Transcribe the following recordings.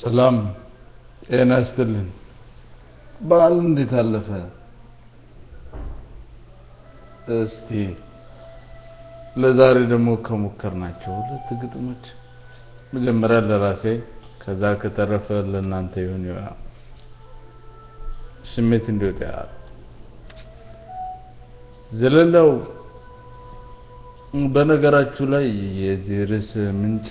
ሰላም ጤና ይስጥልኝ። በዓል እንዴት አለፈ? እስቲ ለዛሬ ደግሞ ከሞከርናቸው ሁለት ግጥሞች መጀመሪያ ለራሴ ከዛ ከተረፈ ለእናንተ ይሁን ይሆናል ስሜት እንዲወጣ ያል ዘለላው በነገራችሁ ላይ የዚህ ርዕስ ምንጭ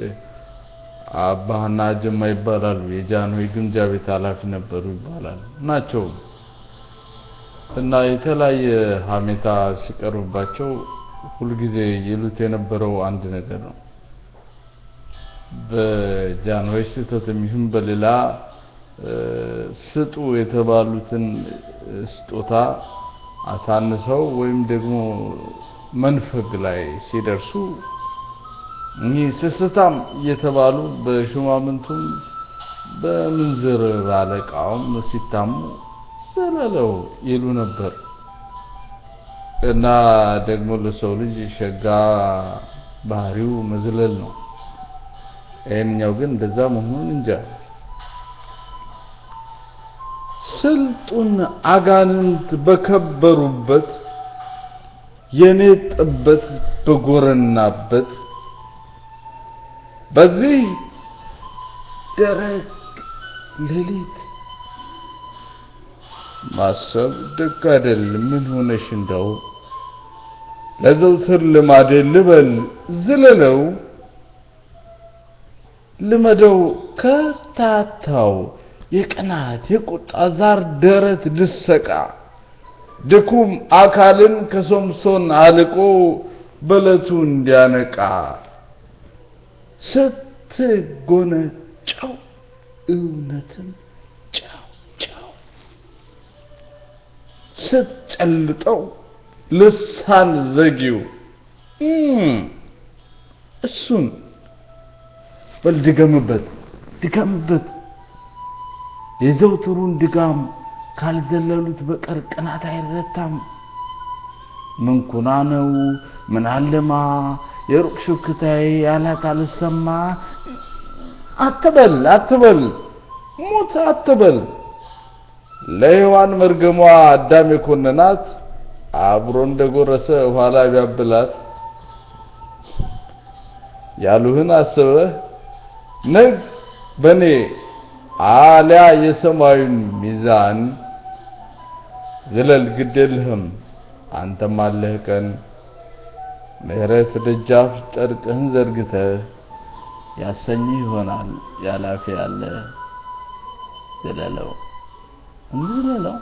አባህና ጀማ ይባላሉ። የጃንሆይ ግምጃ ቤት ኃላፊ ነበሩ ይባላል ናቸው እና የተለያየ ሀሜታ ሲቀርብባቸው ሁልጊዜ ይሉት የነበረው አንድ ነገር ነው። በጃንሆይ ስህተት የሚሆን በሌላ ስጡ የተባሉትን ስጦታ አሳንሰው ወይም ደግሞ መንፈግ ላይ ሲደርሱ ይህ ስስታም እየተባሉ በሹማምንቱም በምንዝር ባለቃውም ሲታሙ ዘለለው ይሉ ነበር እና ደግሞ ለሰው ልጅ ሸጋ ባህሪው መዝለል ነው። ይህኛው ግን እንደዛ መሆኑን እንጃ። ስልጡን አጋንንት በከበሩበት ጥበት በጎረናበት በዚህ ደረቅ ሌሊት ማሰብ ደግ አይደል? ምን ሆነሽ እንደው ለዘውትር ልማዴ ልበል ዝለለው ልመደው ከርታታው የቅናት የቁጣ ዛር ደረት ድሰቃ ድኩም አካልን ከሶምሶን አልቆ በለቱ እንዲያነቃ ስትጎነ ጨው እውነትን ጫው ጫው ስትጨልጠው ልሳን ዘጊው እሱን በል ድገምበት ድገምበት የዘውትሩን ድጋም ካልዘለሉት በቀር ቅናት አይረታም ምንኩና ነው ምናለማ የሩቅ ሹክታ ያላት አልሰማ አትበል አትበል ሞት አትበል። ለሔዋን መርገሟ አዳም የኮነናት አብሮ እንደጎረሰ ኋላ ቢያብላት ያሉህን አስበህ ነግ በኔ አሊያ የሰማዩን ሚዛን ዝለል ግድ የለህም አንተም አለህ ቀን ምሕረት ደጃፍ ጨርቅህን ዘርግተህ ያሰኝህ ይሆናል ያላፊ ያለ ዘለለው እንዝለለው